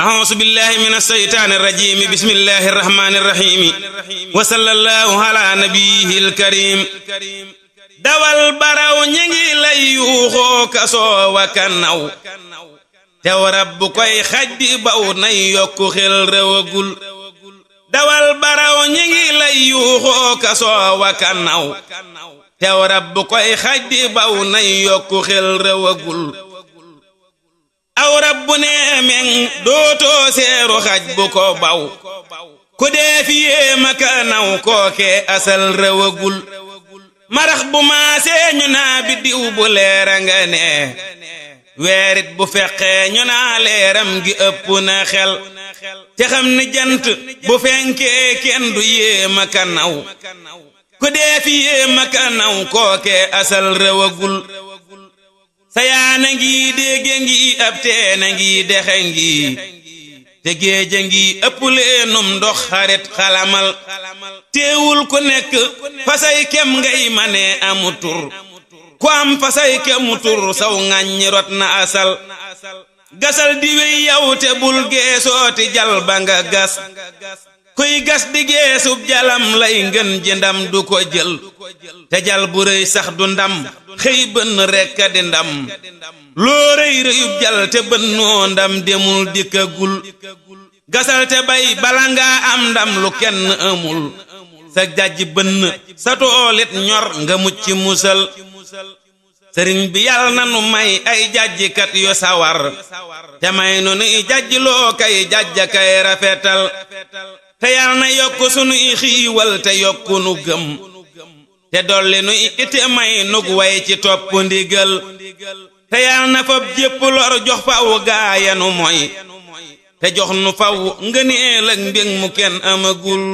أعوذ بالله من الشيطان الرجيم بسم الله الرحمن الرحيم وصلى الله على نبيه الكريم dawal baraw ñi lay yuuxoo kasoo wa kanaw tew rab koy xaj di baw nay yokku xel rewagul dawal baraw ñi lay yuuxoo kasoo wa kanaw tew rab koy xaj di baw nay yokku xel rewagul aw bu nee meŋ dootoo seeru xaj bu ko baw ku dee fi yee naw kooke asal rëwagul marax bu maasee ñu naa biddiw bu leera nga nee weerit bu feqee ñu naa leeram gi ëpp na xel te xam ni jant bu fenkee kenn du yee maka naw ku dee fi yee naw kooke asal rëwagul sayaana ngi dégge ngi ab teena ngi dexe ngi te géeja ngi ëpp leenum ndox xarit xalamal teewul ku nekk fasay kem ngay mane amu tur ku am fasay kemu saw ŋàññi rot na asal gasal di yaw te bul geesoo ti nga gas kuy gas di geesub jalam lay ngën ji ndam du ko jël te jal bu rëy sax du ndam xëy bënn rekk di ndam loo rëy rëyub jal te bënnoo ndam demul dikkagul gasal te bay bala ngaa am ndam lu kenn amul sa jajj bënn sa toolit ñor nga mucc musal sëriñ bi yàlla na nu may ay jajjikat yu sawar te may nu nuy jajj loo kay jajja kay rafetal te yal na yokk sunu i xiiwal te yokk nu gëm te dolli nu ite may nug way ci topp ndigal te yal na fab jépp lor jox faw gaayanu moy te jox nu faw ngëneel ak mbég mu kenn amagul